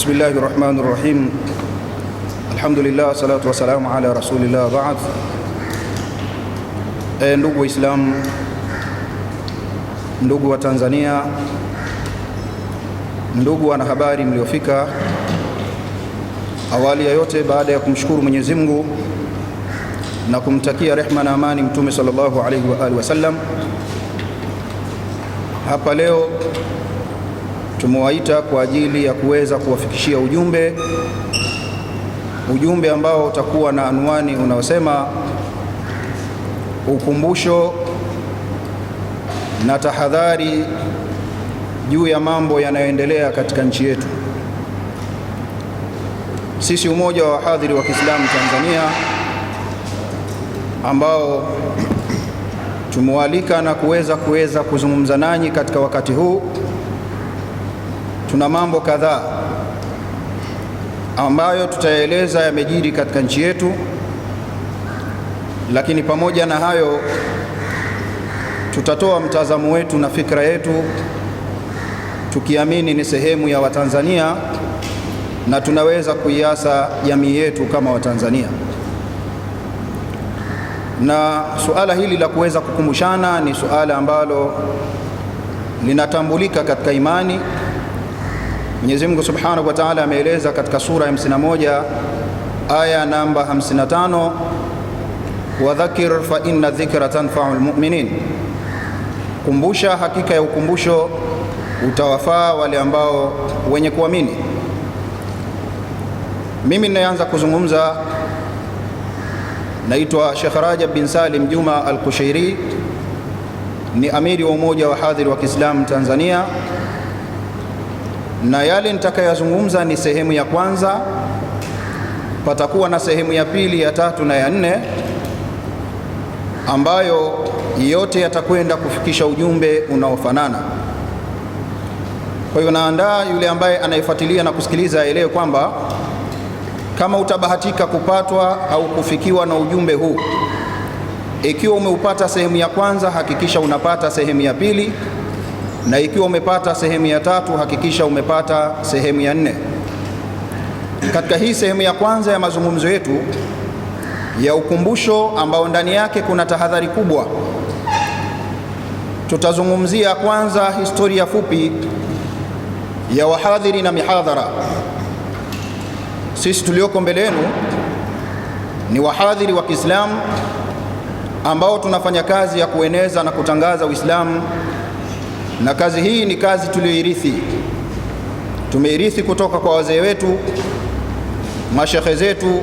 بسم rahmani الرحمن alhamdulillah الحمد wassalamu ala rasulillah على e, ndugu Waislamu, ndugu wa Tanzania, ndugu wanahabari mliofika, awali ya yote, baada ya kumshukuru Mwenyezi Mungu na kumtakia rehma na amani Mtume sallallahu alaihi wa alihi wasallam, hapa leo tumewaita kwa ajili ya kuweza kuwafikishia ujumbe, ujumbe ambao utakuwa na anwani unaosema ukumbusho na tahadhari juu ya mambo yanayoendelea katika nchi yetu. Sisi Umoja wa Wahadhiri wa Kiislamu Tanzania ambao tumewalika na kuweza kuweza kuzungumza nanyi katika wakati huu tuna mambo kadhaa ambayo tutayaeleza yamejiri katika nchi yetu, lakini pamoja na hayo tutatoa mtazamo wetu na fikra yetu, tukiamini ni sehemu ya Watanzania na tunaweza kuiasa jamii yetu kama Watanzania. Na suala hili la kuweza kukumbushana ni suala ambalo linatambulika katika imani Mwenyezi Mungu Subhanahu wa Ta'ala ameeleza katika sura ya 51 aya namba 55, wa dhakir fa inna dhikra tanfa'u almu'minin, kumbusha, hakika ya ukumbusho utawafaa wale ambao wenye kuamini. Mimi ninaanza kuzungumza, naitwa Sheikh Rajab bin Salim Juma Al-Kushairi, ni amiri wa umoja wa hadhiri wa Kiislamu Tanzania na yale nitakayozungumza ni sehemu ya kwanza. Patakuwa na sehemu ya pili, ya tatu na ya nne, ambayo yote yatakwenda kufikisha ujumbe unaofanana. Kwa hiyo naandaa yule ambaye anayefuatilia na kusikiliza aelewe kwamba kama utabahatika kupatwa au kufikiwa na ujumbe huu, ikiwa umeupata sehemu ya kwanza, hakikisha unapata sehemu ya pili na ikiwa umepata sehemu ya tatu hakikisha umepata sehemu ya nne. Katika hii sehemu ya kwanza ya mazungumzo yetu ya ukumbusho, ambao ndani yake kuna tahadhari kubwa, tutazungumzia kwanza historia fupi ya wahadhiri na mihadhara. Sisi tulioko mbele yenu ni wahadhiri wa Kiislamu ambao tunafanya kazi ya kueneza na kutangaza Uislamu na kazi hii ni kazi tuliyoirithi, tumeirithi kutoka kwa wazee wetu, mashekhe zetu,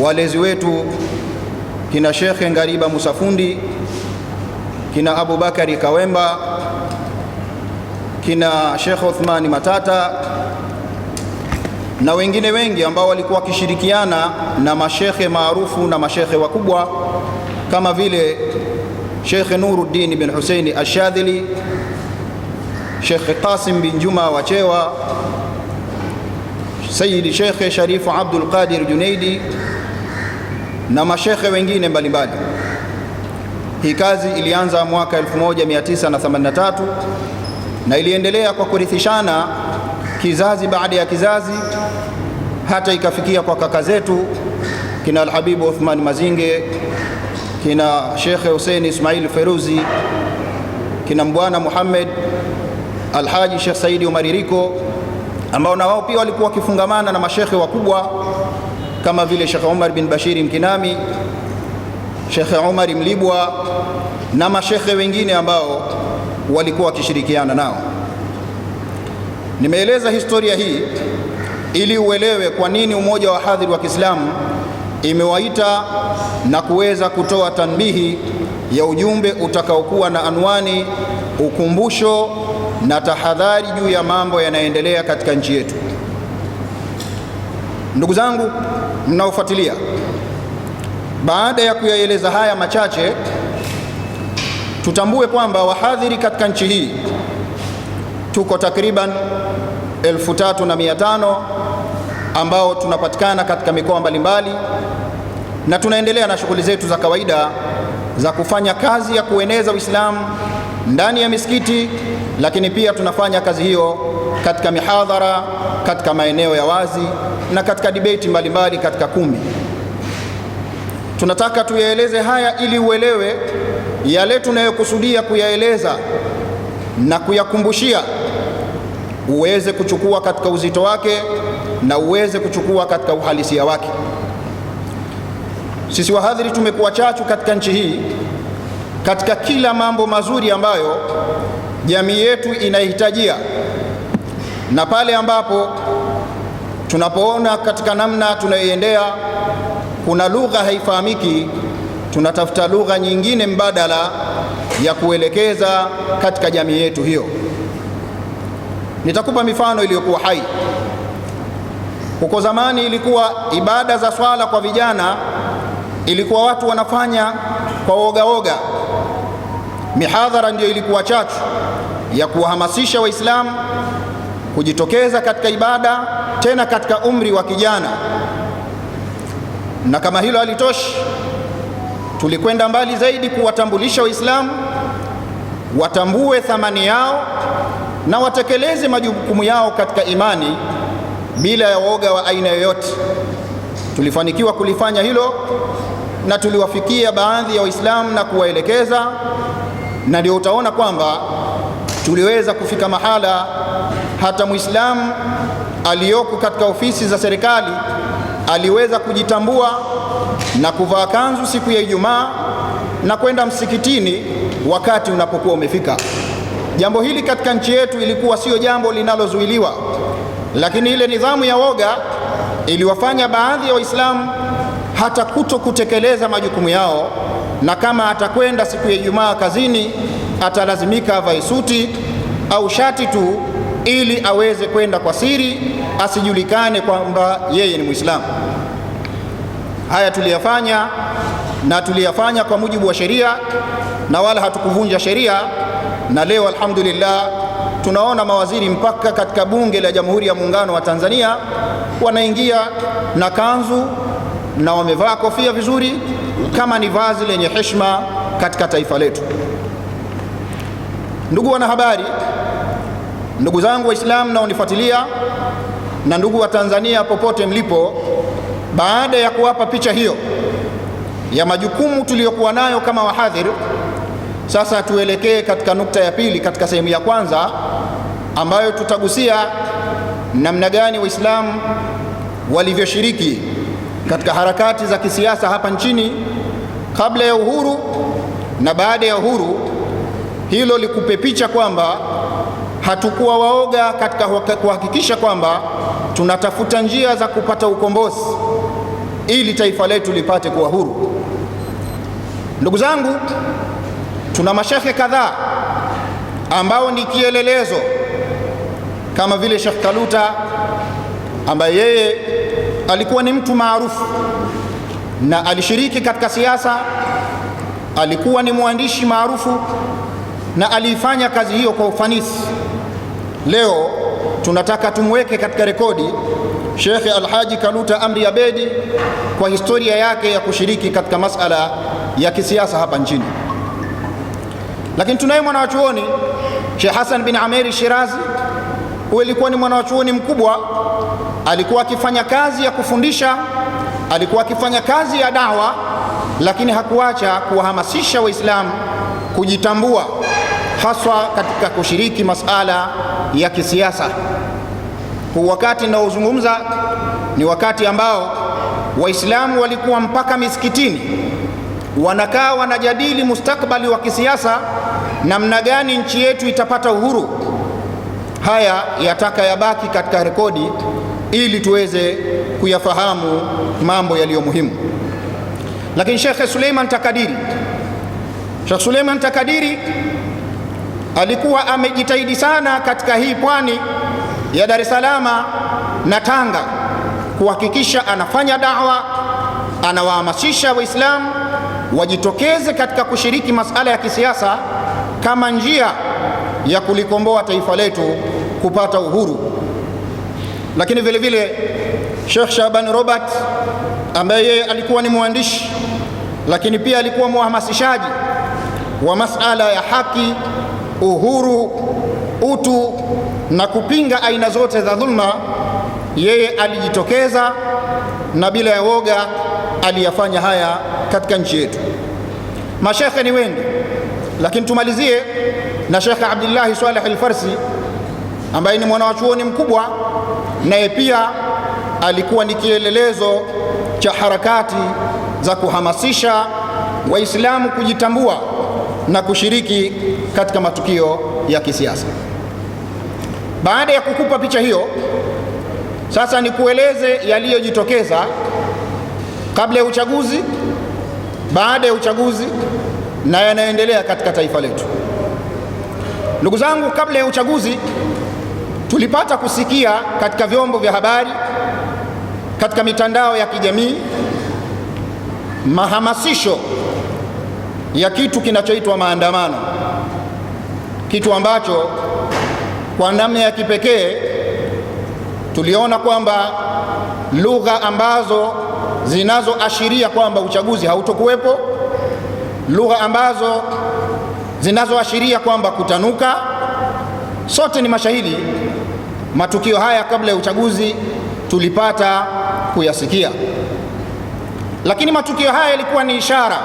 walezi wetu, kina Shekhe Ngariba Musafundi, kina Abubakari Kawemba, kina Shekhe Uthmani Matata na wengine wengi ambao walikuwa wakishirikiana na mashekhe maarufu na mashekhe wakubwa kama vile Shekhe Nuruddin bin Huseini Ashadhili Sheikh Qasim bin Juma Wachewa, Sayyid Sheikh Sharifu Abdul Qadir Junaidi na mashekhe wengine mbalimbali. Hii kazi ilianza mwaka 1983 na iliendelea kwa kurithishana kizazi baada ya kizazi hata ikafikia kwa kaka zetu kina Alhabibu Uthman Mazinge, kina Shekhe huseini Ismail Feruzi, kina Mbwana Muhammed Alhaji Sheikh Saidi umaririko Riko ambao na wao pia walikuwa wakifungamana na mashekhe wakubwa kama vile Sheikh Omar bin Bashiri Mkinami, Sheikh Omar Mlibwa na mashekhe wengine ambao walikuwa wakishirikiana nao. Nimeeleza historia hii ili uelewe kwa nini Umoja wa Hadhiri wa Kiislamu imewaita na kuweza kutoa tanbihi ya ujumbe utakaokuwa na anwani ukumbusho na tahadhari juu ya mambo yanayoendelea katika nchi yetu. Ndugu zangu mnaofuatilia, baada ya kuyaeleza haya machache, tutambue kwamba wahadhiri katika nchi hii tuko takriban elfu tatu na mia tano ambao tunapatikana katika mikoa mbalimbali na tunaendelea na shughuli zetu za kawaida za kufanya kazi ya kueneza Uislamu ndani ya misikiti, lakini pia tunafanya kazi hiyo katika mihadhara, katika maeneo ya wazi na katika debate mbalimbali katika kumbi. Tunataka tuyaeleze haya ili uelewe yale tunayokusudia kuyaeleza na kuyakumbushia, uweze kuchukua katika uzito wake na uweze kuchukua katika uhalisia wake. Sisi wahadhiri tumekuwa chachu katika nchi hii katika kila mambo mazuri ambayo jamii yetu inahitajia, na pale ambapo tunapoona katika namna tunayoendea kuna lugha haifahamiki, tunatafuta lugha nyingine mbadala ya kuelekeza katika jamii yetu hiyo. Nitakupa mifano iliyokuwa hai. Huko zamani ilikuwa ibada za swala kwa vijana, ilikuwa watu wanafanya kwa woga woga Mihadhara ndiyo ilikuwa chachu ya kuwahamasisha Waislamu kujitokeza katika ibada, tena katika umri wa kijana. Na kama hilo halitoshi, tulikwenda mbali zaidi kuwatambulisha Waislamu watambue thamani yao na watekeleze majukumu yao katika imani bila ya woga wa aina yoyote. Tulifanikiwa kulifanya hilo na tuliwafikia baadhi ya Waislamu na kuwaelekeza na ndio utaona kwamba tuliweza kufika mahala hata Muislamu aliyoko katika ofisi za serikali aliweza kujitambua na kuvaa kanzu siku ya Ijumaa na kwenda msikitini wakati unapokuwa umefika. Jambo hili katika nchi yetu ilikuwa sio jambo linalozuiliwa, lakini ile nidhamu ya woga iliwafanya baadhi ya Waislamu hata kuto kutekeleza majukumu yao na kama atakwenda siku ya Ijumaa kazini atalazimika avae suti au shati tu ili aweze kwenda kwa siri, asijulikane kwamba yeye ni Muislamu. Haya tuliyafanya na tuliyafanya kwa mujibu wa sheria na wala hatukuvunja sheria. Na leo alhamdulillah, tunaona mawaziri mpaka katika bunge la Jamhuri ya Muungano wa Tanzania wanaingia na kanzu na wamevaa kofia vizuri kama ni vazi lenye heshima katika taifa letu. Ndugu wanahabari, ndugu zangu Waislamu naonifuatilia na ndugu wa Tanzania popote mlipo, baada ya kuwapa picha hiyo ya majukumu tuliyokuwa nayo kama wahadhir, sasa tuelekee katika nukta ya pili katika sehemu ya kwanza ambayo tutagusia namna gani Waislamu walivyoshiriki katika harakati za kisiasa hapa nchini kabla ya uhuru na baada ya uhuru. Hilo likupe picha kwamba hatukuwa waoga katika kuhakikisha kwamba tunatafuta njia za kupata ukombozi ili taifa letu lipate kuwa huru. Ndugu zangu, tuna mashekhe kadhaa ambao ni kielelezo kama vile Sheikh Kaluta ambaye yeye alikuwa ni mtu maarufu na alishiriki katika siasa, alikuwa ni mwandishi maarufu na aliifanya kazi hiyo kwa ufanisi. Leo tunataka tumweke katika rekodi Shekhe Alhaji Kaluta Amri Abedi kwa historia yake ya kushiriki katika masala ya kisiasa hapa nchini. Lakini tunaye chuoni Sheikh Hassan bin Ameri Shirazi, huyu alikuwa ni mwanawachuoni mkubwa alikuwa akifanya kazi ya kufundisha, alikuwa akifanya kazi ya dawa, lakini hakuacha kuwahamasisha Waislamu kujitambua, haswa katika kushiriki masala ya kisiasa. Huu wakati ninaozungumza ni wakati ambao Waislamu walikuwa mpaka misikitini wanakaa wanajadili mustakbali wa kisiasa, namna gani nchi yetu itapata uhuru. Haya yataka yabaki katika rekodi ili tuweze kuyafahamu mambo yaliyo muhimu. Lakini Shekhe Suleiman Takadiri, Shekh Suleiman Takadiri alikuwa amejitahidi sana katika hii pwani ya Dar es Salaam na Tanga kuhakikisha anafanya dawa, anawahamasisha Waislamu wajitokeze katika kushiriki masala ya kisiasa kama njia ya kulikomboa taifa letu kupata uhuru. Lakini vile vile Sheikh Shaban Robert ambaye yeye alikuwa ni mwandishi lakini pia alikuwa mhamasishaji wa masala ya haki, uhuru, utu na kupinga aina zote za dhulma. Yeye alijitokeza na bila ya woga aliyafanya haya katika nchi yetu. Mashekhe ni wengi, lakini tumalizie na Shekhe Abdullahi Saleh Al-Farsi ambaye ni chuoni mkubwa, naye pia alikuwa ni kielelezo cha harakati za kuhamasisha Waislamu kujitambua na kushiriki katika matukio ya kisiasa. Baada ya kukupa picha hiyo, sasa nikueleze yaliyojitokeza kabla ya uchaguzi, baada ya uchaguzi na yanayoendelea katika taifa letu. Ndugu zangu, kabla ya uchaguzi Tulipata kusikia katika vyombo vya habari, katika mitandao ya kijamii mahamasisho ya kitu kinachoitwa maandamano, kitu ambacho kwa namna ya kipekee tuliona kwamba lugha ambazo zinazoashiria kwamba uchaguzi hautokuwepo, lugha ambazo zinazoashiria kwamba kutanuka, sote ni mashahidi Matukio haya kabla ya uchaguzi tulipata kuyasikia, lakini matukio haya yalikuwa ni ishara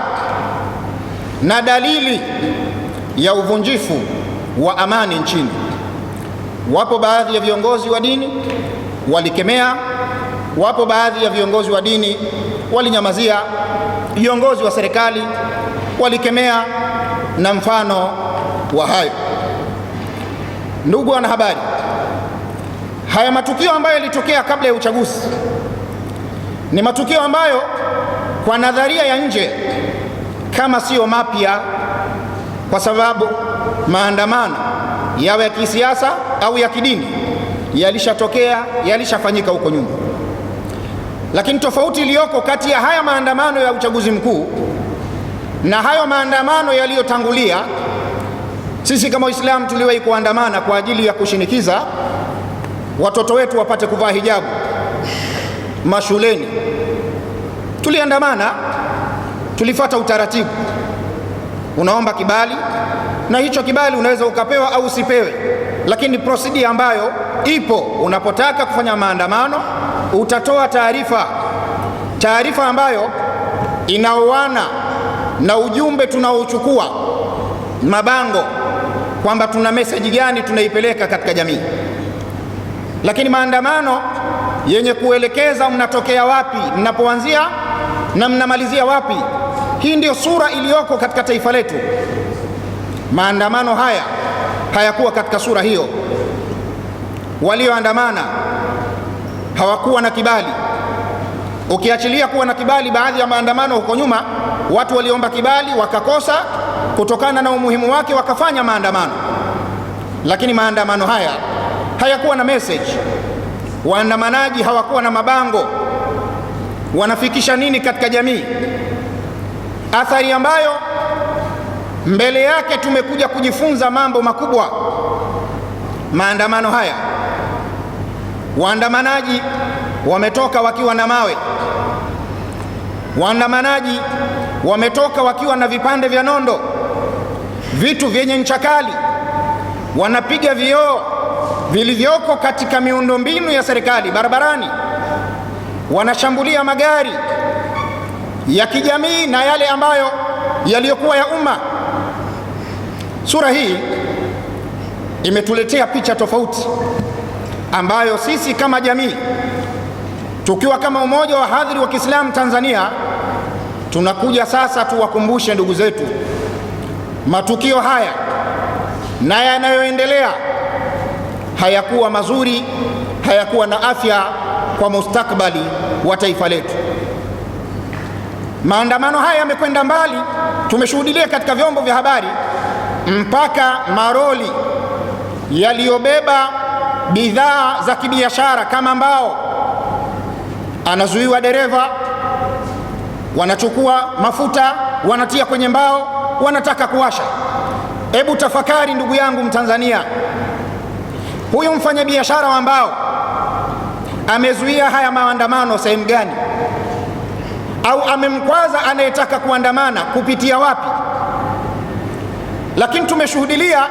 na dalili ya uvunjifu wa amani nchini. Wapo baadhi ya viongozi wa dini walikemea, wapo baadhi ya viongozi wa dini walinyamazia, viongozi wa serikali walikemea na mfano wa hayo. Ndugu wanahabari Haya matukio ambayo yalitokea kabla ya uchaguzi ni matukio ambayo kwa nadharia ya nje kama siyo mapya, kwa sababu maandamano yawe ya kisiasa au ya kidini yalishatokea, yalishafanyika huko nyuma, lakini tofauti iliyoko kati ya haya maandamano ya uchaguzi mkuu na hayo maandamano yaliyotangulia, sisi kama Waislamu tuliwahi kuandamana kwa ajili ya kushinikiza watoto wetu wapate kuvaa hijabu mashuleni. Tuliandamana, tulifata utaratibu, unaomba kibali na hicho kibali unaweza ukapewa au usipewe, lakini prosidi ambayo ipo, unapotaka kufanya maandamano utatoa taarifa, taarifa ambayo inaoana na ujumbe tunaochukua, mabango kwamba tuna meseji gani tunaipeleka katika jamii. Lakini maandamano yenye kuelekeza mnatokea wapi, mnapoanzia na mnamalizia wapi. Hii ndio sura iliyoko katika taifa letu. Maandamano haya hayakuwa katika sura hiyo. Walioandamana hawakuwa na kibali. Ukiachilia kuwa na kibali, baadhi ya maandamano huko nyuma watu waliomba kibali wakakosa, kutokana na umuhimu wake wakafanya maandamano, lakini maandamano haya hayakuwa na message, waandamanaji hawakuwa na mabango, wanafikisha nini katika jamii? Athari ambayo mbele yake tumekuja kujifunza mambo makubwa. Maandamano haya, waandamanaji wametoka wakiwa na mawe, waandamanaji wametoka wakiwa na vipande vya nondo, vitu vyenye ncha kali, wanapiga vioo vilivyoko katika miundombinu ya serikali barabarani, wanashambulia magari ya kijamii na yale ambayo yaliyokuwa ya umma. Sura hii imetuletea picha tofauti ambayo sisi kama jamii tukiwa kama Umoja wa Hadhiri wa Kiislamu Tanzania tunakuja sasa tuwakumbushe ndugu zetu matukio haya na yanayoendelea hayakuwa mazuri, hayakuwa na afya kwa mustakbali wa taifa letu. Maandamano haya yamekwenda mbali, tumeshuhudia katika vyombo vya habari mpaka maroli yaliyobeba bidhaa za kibiashara kama mbao, anazuiwa dereva, wanachukua mafuta wanatia kwenye mbao, wanataka kuwasha. Hebu tafakari ndugu yangu Mtanzania. Huyu mfanyabiashara ambao amezuia haya maandamano sehemu gani, au amemkwaza anayetaka kuandamana kupitia wapi? Lakini tumeshuhudilia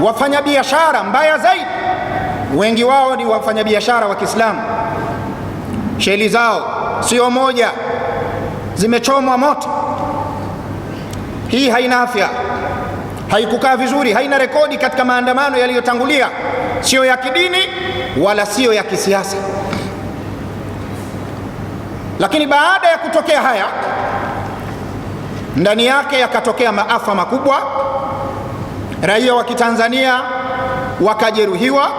wafanyabiashara, mbaya zaidi, wengi wao ni wafanyabiashara wa Kiislamu, sheli zao sio moja, zimechomwa moto. Hii haina afya, haikukaa vizuri, haina rekodi katika maandamano yaliyotangulia sio ya kidini wala sio ya kisiasa. Lakini baada ya kutokea haya, ndani yake yakatokea maafa makubwa, raia wa Kitanzania wakajeruhiwa,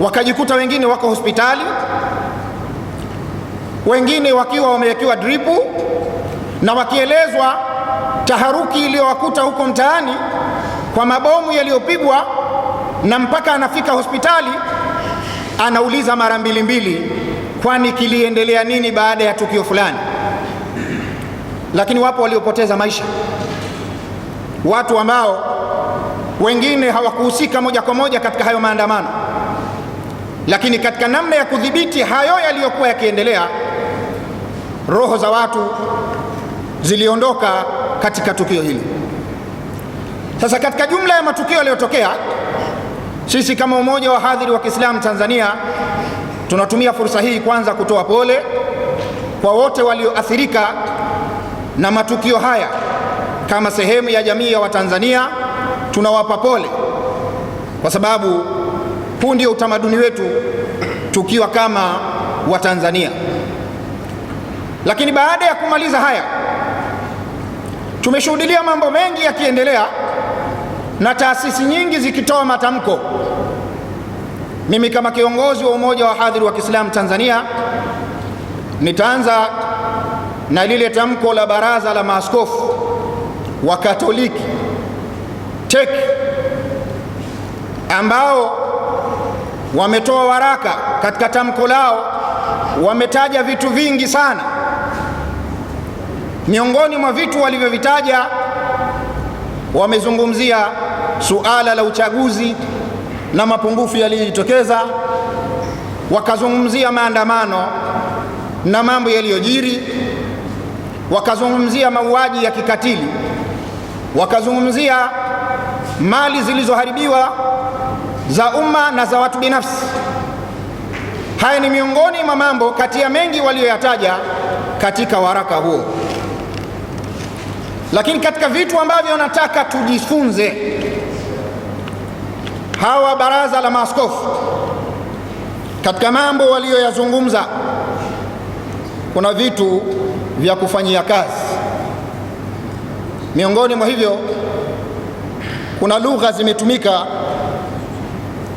wakajikuta wengine wako hospitali, wengine wakiwa wamewekiwa dripu na wakielezwa taharuki iliyowakuta huko mtaani kwa mabomu yaliyopigwa na mpaka anafika hospitali anauliza mara mbili mbili, kwani kiliendelea nini baada ya tukio fulani. Lakini wapo waliopoteza maisha, watu ambao wengine hawakuhusika moja kwa moja katika hayo maandamano, lakini katika namna ya kudhibiti hayo yaliyokuwa yakiendelea, roho za watu ziliondoka katika tukio hili. Sasa katika jumla ya matukio yaliyotokea sisi kama Umoja wa Hadhiri wa Kiislamu Tanzania tunatumia fursa hii kwanza kutoa pole kwa wote walioathirika na matukio haya. Kama sehemu ya jamii ya Watanzania tunawapa pole, kwa sababu huu ndio utamaduni wetu tukiwa kama Watanzania. Lakini baada ya kumaliza haya, tumeshuhudia mambo mengi yakiendelea na taasisi nyingi zikitoa matamko. Mimi kama kiongozi wa umoja wa hadhiri wa Kiislamu Tanzania nitaanza na lile tamko la baraza la maaskofu wa Katoliki TEC ambao wametoa waraka. Katika tamko lao wametaja vitu vingi sana. Miongoni mwa vitu walivyovitaja wamezungumzia suala la uchaguzi na mapungufu yaliyojitokeza, wakazungumzia maandamano na mambo yaliyojiri, wakazungumzia mauaji ya kikatili, wakazungumzia mali zilizoharibiwa za umma na za watu binafsi. Haya ni miongoni mwa mambo kati ya mengi waliyoyataja katika waraka huo. Lakini katika vitu ambavyo nataka tujifunze, hawa baraza la maaskofu katika mambo waliyoyazungumza, kuna vitu vya kufanyia kazi. Miongoni mwa hivyo, kuna lugha zimetumika: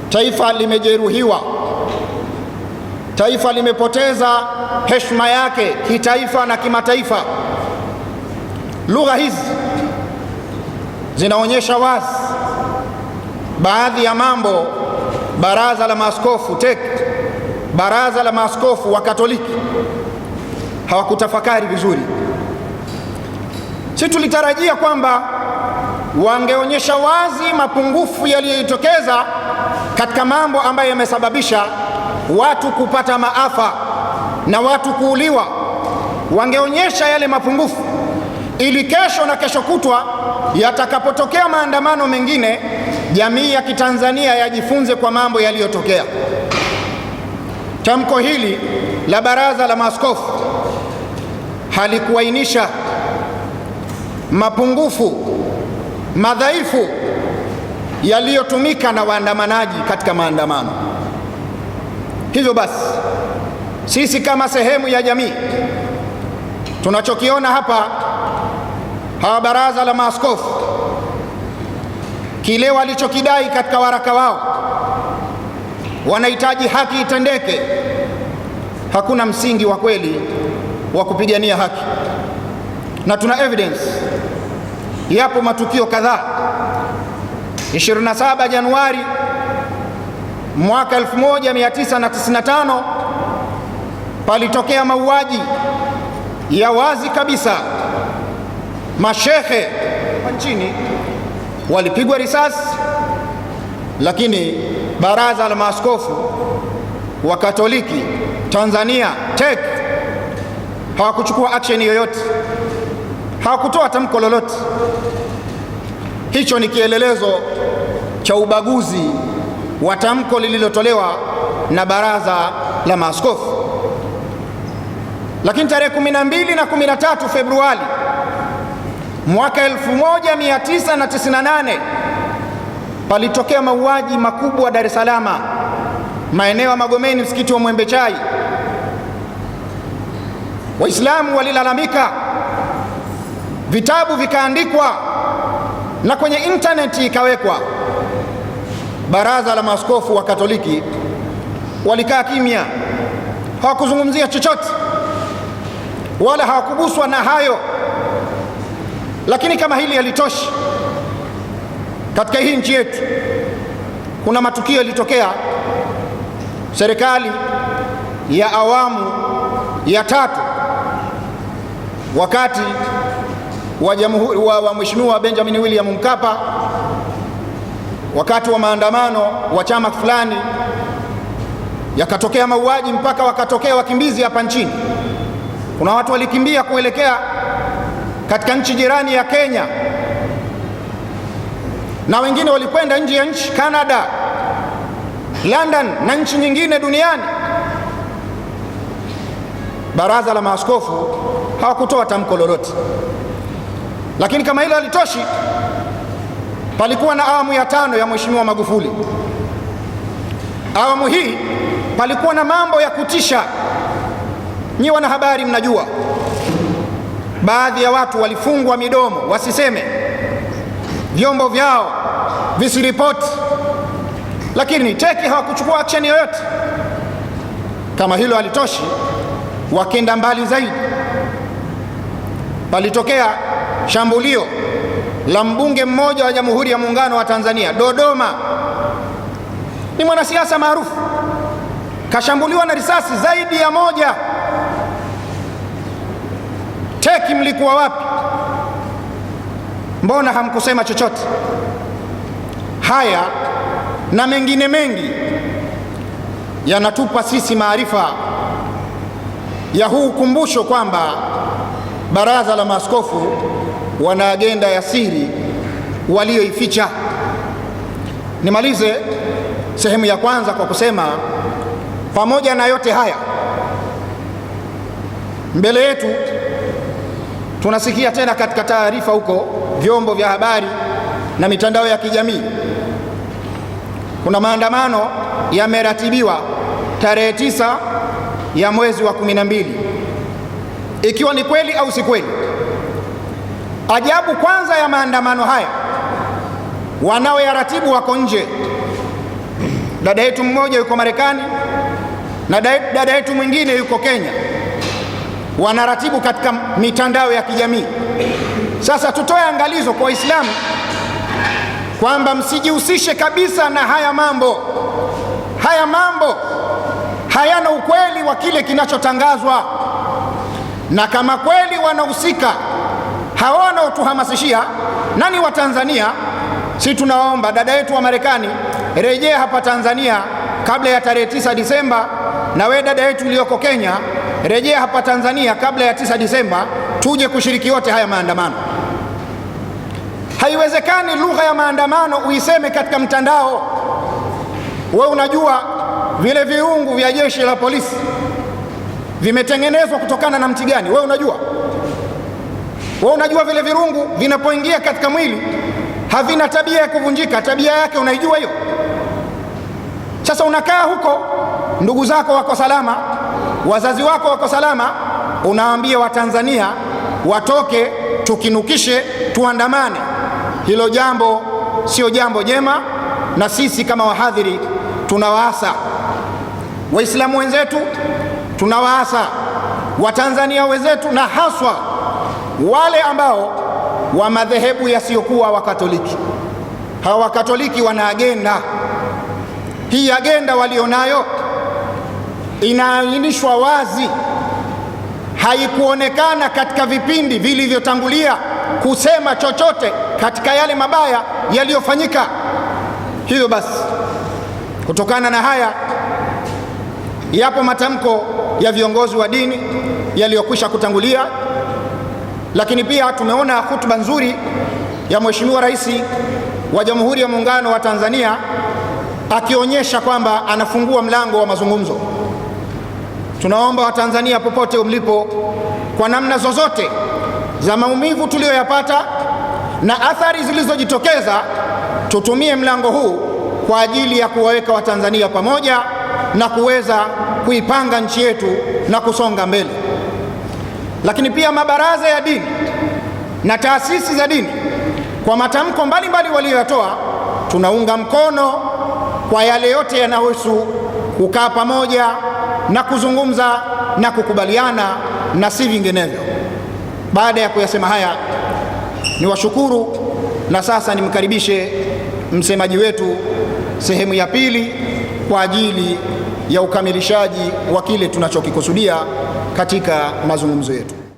taifa limejeruhiwa, taifa limepoteza heshima yake kitaifa na kimataifa. Lugha hizi zinaonyesha wazi baadhi ya mambo baraza la maaskofu TEC, baraza la maaskofu wa Katoliki hawakutafakari vizuri. Si tulitarajia kwamba wangeonyesha wazi mapungufu yaliyojitokeza katika mambo ambayo yamesababisha watu kupata maafa na watu kuuliwa, wangeonyesha yale mapungufu ili kesho na kesho kutwa yatakapotokea maandamano mengine, jamii ya Kitanzania yajifunze kwa mambo yaliyotokea. Tamko hili la Baraza la Maaskofu halikuainisha mapungufu, madhaifu yaliyotumika na waandamanaji katika maandamano. Hivyo basi, sisi kama sehemu ya jamii tunachokiona hapa hawa baraza la maaskofu kile walichokidai katika waraka wao, wanahitaji haki itendeke. Hakuna msingi wa kweli wa kupigania haki, na tuna evidence. Yapo matukio kadhaa. 27 Januari mwaka 1995 palitokea mauaji ya wazi kabisa mashehe wa nchini walipigwa risasi, lakini baraza la maaskofu wa Katoliki Tanzania TEC hawakuchukua action yoyote, hawakutoa tamko lolote. Hicho ni kielelezo cha ubaguzi wa tamko lililotolewa na baraza la maaskofu. Lakini tarehe 12 na 13 Februari Mwaka 1998 palitokea mauaji makubwa Dar es Salaam, maeneo ya Magomeni, msikiti wa Mwembe Chai. Waislamu walilalamika, vitabu vikaandikwa na kwenye intaneti ikawekwa. Baraza la maaskofu wa Katoliki walikaa kimya, hawakuzungumzia chochote wala hawakuguswa na hayo. Lakini kama hili halitoshi, katika hii nchi yetu kuna matukio yalitokea serikali ya awamu ya tatu wakati wa jamhuri wa, wa Mheshimiwa Benjamin William Mkapa, wakati wa maandamano wa chama fulani yakatokea mauaji mpaka wakatokea wakimbizi hapa nchini. Kuna watu walikimbia kuelekea katika nchi jirani ya Kenya na wengine walikwenda nje ya nchi, Canada, London na nchi nyingine duniani. Baraza la maaskofu hawakutoa tamko lolote, lakini kama hilo halitoshi, palikuwa na awamu ya tano ya Mheshimiwa Magufuli. Awamu hii palikuwa na mambo ya kutisha, nyi wanahabari mnajua baadhi ya watu walifungwa midomo wasiseme, vyombo vyao visiripoti, lakini teki hawakuchukua action yoyote. Kama hilo halitoshi, wakenda mbali zaidi, palitokea shambulio la mbunge mmoja wa Jamhuri ya Muungano wa Tanzania Dodoma. Ni mwanasiasa maarufu, kashambuliwa na risasi zaidi ya moja. Sheki, mlikuwa wapi? Mbona hamkusema chochote? Haya na mengine mengi yanatupa sisi maarifa ya huu ukumbusho kwamba baraza la maaskofu wana agenda ya siri walioificha. Nimalize sehemu ya kwanza kwa kusema pamoja na yote haya mbele yetu Tunasikia tena katika taarifa huko vyombo vya habari na mitandao ya kijamii, kuna maandamano yameratibiwa tarehe tisa ya mwezi wa kumi na mbili, ikiwa ni kweli au si kweli. Ajabu kwanza ya maandamano haya, wanaoyaratibu wako nje. Dada yetu mmoja yuko Marekani na dada yetu mwingine yuko Kenya wanaratibu katika mitandao ya kijamii. Sasa tutoe angalizo kwa Waislamu kwamba msijihusishe kabisa na haya mambo. Haya mambo hayana ukweli wa kile kinachotangazwa, na kama kweli wanahusika hawa wanaotuhamasishia nani wa Tanzania, si tunawaomba dada yetu wa Marekani, rejea hapa Tanzania kabla ya tarehe 9 Disemba, na we dada yetu uliyoko Kenya Rejea hapa Tanzania kabla ya 9 Disemba, tuje kushiriki yote haya maandamano. Haiwezekani lugha ya maandamano uiseme katika mtandao. We unajua vile viungu vya jeshi la polisi vimetengenezwa kutokana na mti gani? We unajua, we unajua vile virungu vinapoingia katika mwili havina tabia ya kuvunjika, tabia yake unaijua hiyo. Sasa unakaa huko, ndugu zako wako salama wazazi wako wako salama, unaambia Watanzania watoke tukinukishe, tuandamane. Hilo jambo sio jambo jema, na sisi kama wahadhiri tunawaasa Waislamu wenzetu, tunawaasa Watanzania wenzetu, na haswa wale ambao wa madhehebu yasiyokuwa Wakatoliki. Hawa Wakatoliki wana agenda hii, agenda walionayo inaainishwa wazi, haikuonekana katika vipindi vilivyotangulia kusema chochote katika yale mabaya yaliyofanyika. Hivyo basi, kutokana na haya, yapo matamko ya viongozi wa dini yaliyokwisha kutangulia, lakini pia tumeona hotuba nzuri ya Mheshimiwa Rais wa Jamhuri ya Muungano wa Tanzania akionyesha kwamba anafungua mlango wa mazungumzo. Tunaomba Watanzania popote mlipo, kwa namna zozote za maumivu tuliyoyapata na athari zilizojitokeza, tutumie mlango huu kwa ajili ya kuwaweka Watanzania pamoja na kuweza kuipanga nchi yetu na kusonga mbele. Lakini pia mabaraza ya dini na taasisi za dini kwa matamko mbalimbali waliyoyatoa, tunaunga mkono kwa yale yote yanayohusu kukaa pamoja na kuzungumza na kukubaliana na si vinginevyo. Baada ya kuyasema haya, niwashukuru na sasa nimkaribishe msemaji wetu sehemu ya pili kwa ajili ya ukamilishaji wa kile tunachokikusudia katika mazungumzo yetu.